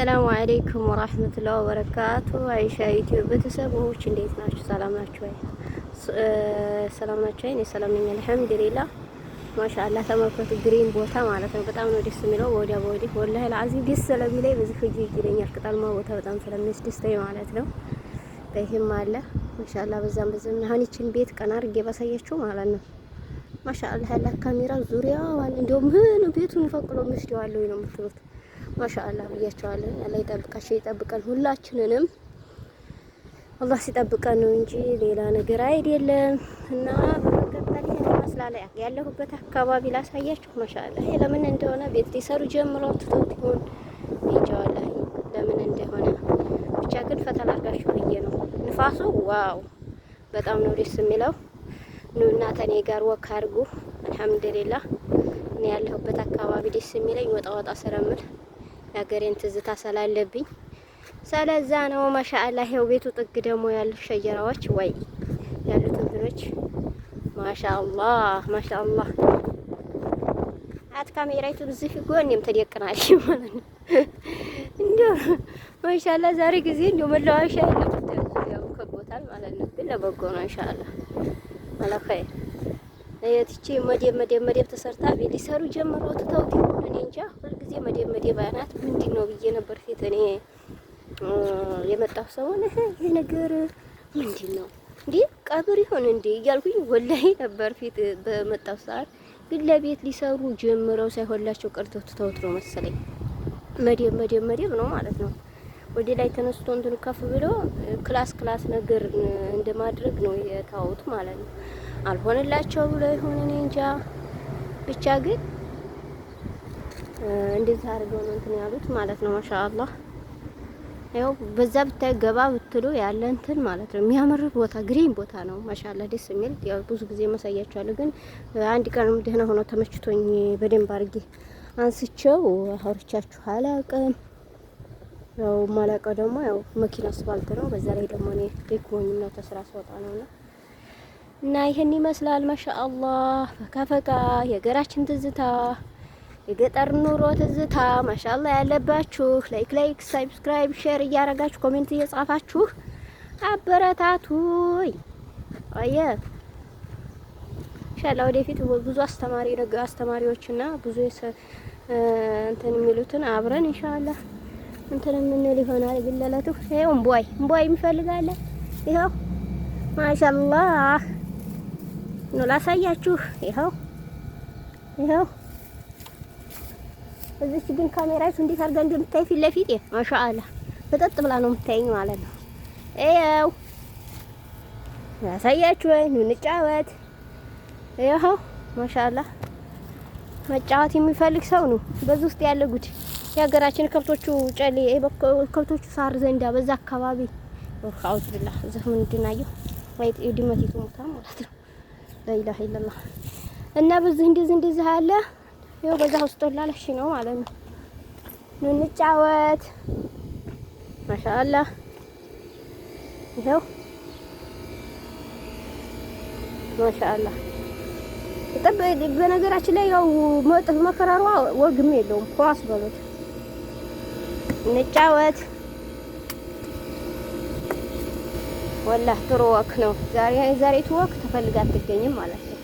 አሰላሙ አለይኩም ወራህመቱላሂ ወበረካቱ። አይሻ ዩቲዩብ ቤተሰቦች እንዴት ናችሁ? ሰላም ናችሁ ወይ? ሰላም ናችሁ ወይ? እኔ ሰላም ነኝ አልሐምዱሊላህ። ማሻአላህ ተመልከቱ፣ ግሪን ቦታ ማለት ነው። በጣም ነው ደስ የሚለው። ወዲያ ወዲህ ወላሂ አልዓዚም ደስ ስለሚለኝ በዚህ ሂጂ ይለኛል። ቅጠልማ ቦታ በጣም ስለሚያስደስተኝ ማለት ነው። በይህም አለ ማሻአላህ። በዛም በዛም አሁን ይችን ቤት ቀና አድርጌ ባሳያችሁ ማለት ነው። ማሻአላህ ያለ ካሜራ ዙሪያዋን እንደው ምን ቤቱን ፈቅሎ የሚወስደዋለሁ ነው የምትሉት ማሻአላ ብያቸዋለን። አላህ ይጠብቃቸው፣ ይጠብቀን ሁላችንንም አላህ ሲጠብቀን ነው እንጂ ሌላ ነገር አይደለም። እና በመቀጠል ይህን ይመስላል ያለሁበት አካባቢ ላሳያችሁ። ማሻአላ ይሄ ለምን እንደሆነ ቤት ሊሰሩ ጀምሮ ትቶት ይሁን ይቻዋላ ለምን እንደሆነ ብቻ ግን ፈተና አድርጋችሁ ብዬ ነው። ንፋሱ ዋው በጣም ነው ደስ የሚለው። ኑና ተኔ ጋር ወክ አድርጉ። አልሐምዱሊላህ እኔ ያለሁበት አካባቢ ደስ የሚለኝ ወጣ ወጣ ስለምል የሀገሬን ትዝታ ስላለብኝ ስለዛ ነው። ማሻአላህ ይኸው ቤቱ ጥግ ደግሞ ያሉት ሸየራዎች ወይ ያሉት እንትኖች ማሻአላህ ማሻአላህ አት ካሜራይቱ እዚህ ጎንም ተደቅናል ማለት ነው። እንዲያው ማሻአላህ ዛሬ ጊዜ እንዲያው መለዋወሻ ያለው ከቦታል ማለት ነው። ግን ለበጎ ነው ኢንሻአላህ አላ ኸይር እትቼ መደብ መደብ መደብ ተሰርታ ቤት ሊሰሩ ጀምሮ ትተውት ይሆን እኔ እንጃ። ሁልጊዜ መደብ መደብ አናት ምንድን ነው ብዬ ነበር ፊት እኔ የመጣሁ ሰውን ይሄ ነገር ምንድን ነው እንዴ ቀብር ይሆን እንዴ እያልኩኝ ወላሂ ነበር ፊት በመጣሁ ሰዓት። ግን ለቤት ሊሰሩ ጀምረው ሳይሆላቸው ቀርተው ትተውት ነው መሰለኝ። መደብ መደብ መደብ ነው ማለት ነው። ወደ ላይ ተነስቶ እንትን ከፍ ብሎ ክላስ ክላስ ነገር እንደማድረግ ነው የታወቱ ማለት ነው። አልሆነላቸው ብሎ ይሁን እኔ እንጃ። ብቻ ግን እንደዛ አድርገው ነው እንትን ያሉት ማለት ነው። ማሻአላህ ያው በዛ ብታይ ገባ ብትሉ ያለ እንትን ማለት ነው። የሚያምር ቦታ ግሪን ቦታ ነው። ማሻአላህ ደስ የሚል ያው ብዙ ጊዜ ማሳያቸዋለሁ። ግን አንድ ቀን ደህና ሆኖ ተመችቶኝ በደንብ አድርጌ አንስቼው አውርቻችሁ አላውቅም። ያው ማላውቀው ደግሞ ያው መኪና አስፋልት ነው። በዛ ላይ ደግሞ እኔ ደክሞኝ ነው ተስራ ስወጣ ነውና እና ይህን ይመስላል። ማሻአላህ ፈካ ፈካ የሀገራችን ትዝታ፣ የገጠር ኑሮ ትዝታ። ማሻአላህ ያለባችሁ ላይክ ላይክ፣ ሰብስክራይብ፣ ሼር እያረጋችሁ ኮሜንት እየጻፋችሁ አበረታቱኝ። አየ ኢንሻአላህ ወደፊት ብዙ አስተማሪ አስተማሪዎችና ብዙ እንትን የሚሉትን አብረን ኢንሻአላህ እንትን የምንል ይሆናል። ግለለቱ ይሄው እምቧይ እምቧይ የሚፈልጋለን ይሄው ማሻአላህ ነው ላሳያችሁ። ይኸው ይኸው እዚች ግን ካሜራይቱ እንዴት አድርጋ እንደምታይ ፊት ለፊት ማሻአላ በጠጥ ብላ ነው የምታየኝ ማለት ነው። ይኸው ላሳያችሁ፣ ወይ እንጫወት። ይኸው ማሻአላ መጫወት የሚፈልግ ሰው ነው። በዚህ ውስጥ ያለጉት የሀገራችን ከብቶቹ ጨሌ ከብቶቹ ሳር ዘንዳ በዛ አካባቢ ወርካውት ብላ ዘፈን እንድናየው ወይ ድመት ይቱሙታ ማለት ነው። ላኢላሀ ኢለላህ እና በዚህ እንደዚህ እንደዚህ አለ። ይኸው በዛ ውስጥ ላለሽ ነው ማለት ነው። ኑ እንጫወት። ማሻአላህ ይኸው ማሻአላህ። በነገራችን ላይ ያው መጥፍ መከራሯ ወግም የለውም። ኳስ በሉት እንጫወት ወላህ ጥሩ ወክ ነው ዛሬ። ዛሬቱ ወክ ተፈልጋ አትገኝም ማለት ነው።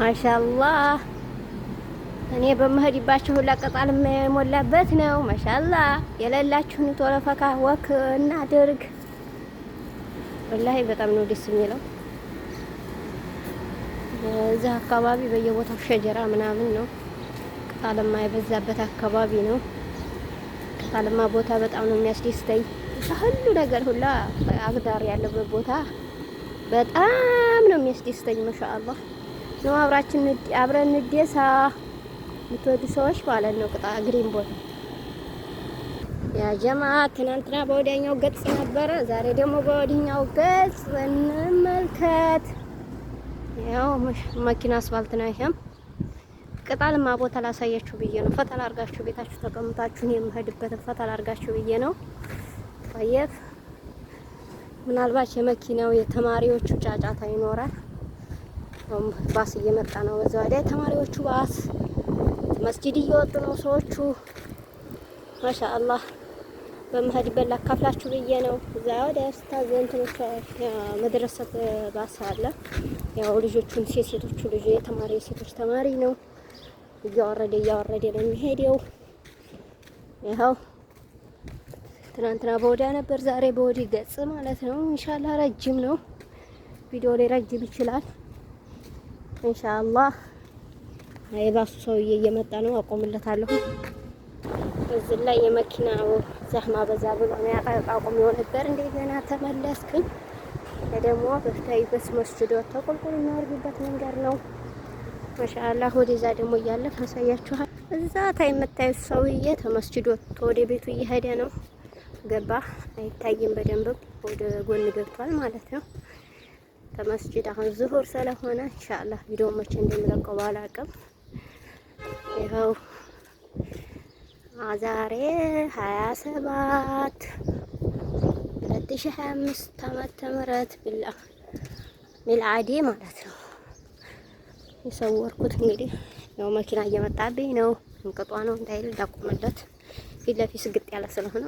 ማሻአላህ እኔ በመሄድባቸው ሁላ ቅጣል የሞላበት ነው። ማሻአላህ የሌላችሁን ቶሎ ፈካ ወክ እናድርግ። ወላሂ በጣም ነው ደስ የሚለው። እዚህ አካባቢ በየቦታው ሸጀራ ምናምን ነው። ቅጣልማ የበዛበት አካባቢ ነው። ቅጣለማ ቦታ በጣም ነው የሚያስደስተኝ። ከሁሉ ነገር ሁላ አግዳር ያለበት ቦታ በጣም ነው የሚያስደስተኝ። ማሻአላህ ነው። አብራችን አብረን እንደሳ የምትወዱ ሰዎች ማለት ነው። ቅጣ ግሪን ቦታ ያ ጀማ ትናንትና በወዲያኛው ገጽ ነበረ። ዛሬ ደግሞ በወዲኛው ገጽ እንመልከት። ያው መኪና አስፋልት ነው። ይሄም ቅጣልማ ቦታ ላሳያችሁ ብዬ ነው። ፈተና አርጋችሁ ቤታችሁ ተቀምጣችሁን የምሄድበትን ፈተና አርጋችሁ ብዬ ነው። ታየት ምናልባት የመኪናው የተማሪዎቹ ጫጫታ ይኖራል። ባስ እየመጣ ነው። በዛ ላይ ተማሪዎቹ ባስ መስጊድ እየወጡ ነው ሰዎቹ። ማሻአላህ በመሄድበት ላካፍላችሁ ብዬ ነው። እዛ ወዲያ ስታዘንት መድረሰት ባስ አለ ያው ልጆቹን ሴቶቹ ልጅ የተማሪ የሴቶች ተማሪ ነው። እያወረደ እያወረደ ነው የሚሄደው። ይኸው ትናንትና በወዲያ ነበር፣ ዛሬ በወዲህ ገጽ ማለት ነው። እንሻላ ረጅም ነው ቪዲዮ ላይ ረጅም ይችላል። እንሻላ የባሱ ሰውዬ እየመጣ ነው፣ አቆምለታለሁ። እዚህ ላይ የመኪናው ዛህማ በዛ ብሎ ነው ያቋቁሜው ነበር። እንደገና ተመለስኩኝ። በፍታይ በስ መስጅድ ወጥተው ቁልቁል የሚያወርዱበት መንገድ ነው። ማሻአላህ ወደዛ ደግሞ እያለፍ ያሳያችኋል። እዛ ታይ የምታዩት ሰውዬ ተመስጅድ ወጥቶ ወደ ቤቱ እየሄደ ነው። ገባ አይታይም በደንብ ወደ ጎን ገብቷል ማለት ነው። ከመስጅድ አሁን ዝሁር ስለሆነ ኢንሻአላህ ቪዲዮ መቼ እንደምለቀው ባላቅም፣ ይኸው ዛሬ ሀያ ሰባት አንድ ሺህ ሀያ አምስት ዓመተ ምህረት ቢላ ሚልአዴ ማለት ነው የሰወርኩት። እንግዲህ ያው መኪና እየመጣብኝ ነው። እንቅጧ ነው እንዳይል ዳቆመለት ፊት ለፊት ስግጥ ያለ ስለሆነ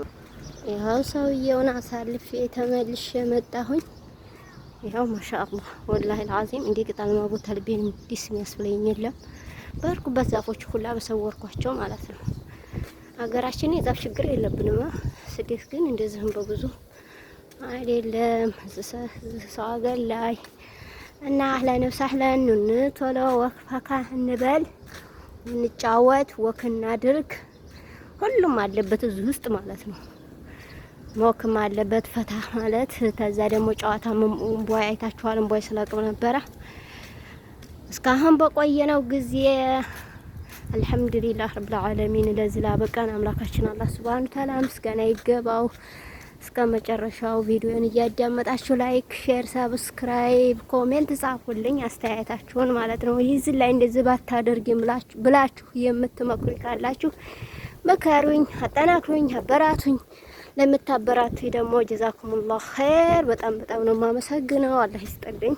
ይኸው ሰውየውን አሳልፌ ተመልሼ መጣሁኝ። ይኸው ማሻአላህ ወላሂ አልዓዚም እንዲህ ቅጠል ማቦት ልቤን ዲስ የሚያስብለኝ የለም። በርኩበት ዛፎች ሁላ በሰወርኳቸው ማለት ነው። ሀገራችን የዛፍ ችግር የለብንም። ስደት ግን እንደዚህም በብዙ አይደለም ሰው ሀገር ላይ እና አህለን ወሳህለን ቶሎ ወክ እንበል፣ እንጫወት፣ ወክ እናድርግ። ሁሉም አለበት እዚህ ውስጥ ማለት ነው። ሞክም አለበት ፈታ ማለት። ከዛ ደግሞ ጨዋታ እምቧይ አይታችኋል። እምቧይ ስለቅም ነበረ እስካሁን በቆየነው ጊዜ አልሐምዱሊላህ ረብል ዓለሚን ለዚህ ላበቃን አምላካችን አላህ ሱብሃነሁ ወተዓላ ምስጋና ይገባው። እስከ መጨረሻው ቪዲዮን እያዳመጣችሁ ላይክ፣ ሼር፣ ሰብስክራይብ ኮሜንት ጻፉልኝ አስተያየታችሁን ማለት ነው። ይህዝን ላይ እንደዚህ ባታደርግ ብላችሁ የምትመክሩኝ ካላችሁ መከሩኝ፣ አጠናክሩኝ፣ አበራቱኝ። ለምታበራቱኝ ደግሞ ጀዛኩሙላህ ኸይር። በጣም በጣም ነው የማመሰግነው። አላህ ይስጠልኝ።